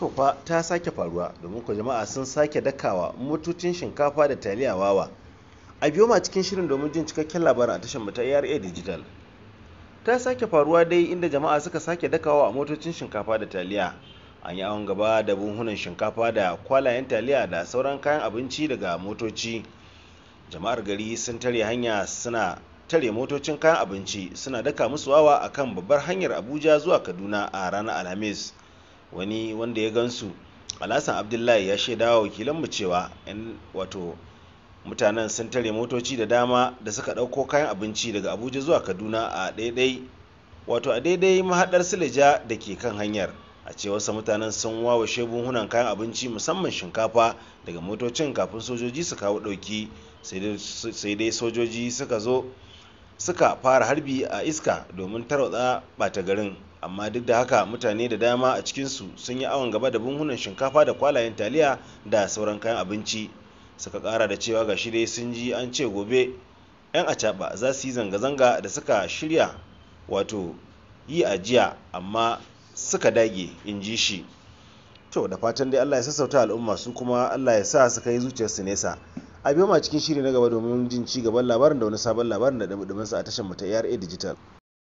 to fa ta sake faruwa domin ku jama'a sun sake dakawa motocin shinkafa da taliya wawa a biyo ma cikin shirin domin jin cikakken labarin a tashar mu ta ARA digital ta sake faruwa dai inda jama'a suka sake dakawa a motocin shinkafa da taliya an yi awon gaba da buhunan shinkafa da kwalayen taliya da sauran kayan abinci daga motoci jama'ar gari sun tare hanya suna tare motocin kayan abinci suna daka musu wawa akan babbar hanyar abuja zuwa kaduna a ranar alhamis wani wanda ya gansu alhassan abdullahi ya shaida wa wakilanmu cewa yan wato mutanen sun tare motoci da dama da suka ɗauko kayan abinci daga abuja zuwa kaduna a daidai wato a daidai mahaɗar silija da ke kan hanyar a ce wasu mutanen sun wawashe buhunan kayan abinci musamman shinkafa daga motocin kafin sojoji su kawo ɗauki sai dai sojoji suka zo suka fara harbi a iska domin tarwatsa ɓata garin amma duk da haka mutane da dama a cikinsu sun yi awon gaba da bunhunan shinkafa da kwalayen taliya da sauran kayan abinci suka kara da cewa gashi dai sun ji an ce gobe 'yan acaba za su yi zanga-zanga da suka shirya wato yi ajiya amma suka dage in ji shi to da fatan dai allah ya sassauta al'umma su kuma allah ya sa su kai zuciyarsu nesa a biyo ma cikin shiri na gaba domin jin ci gaban labarin da wani sabon labarin da dumudumin a tashar mu ta ARA Digital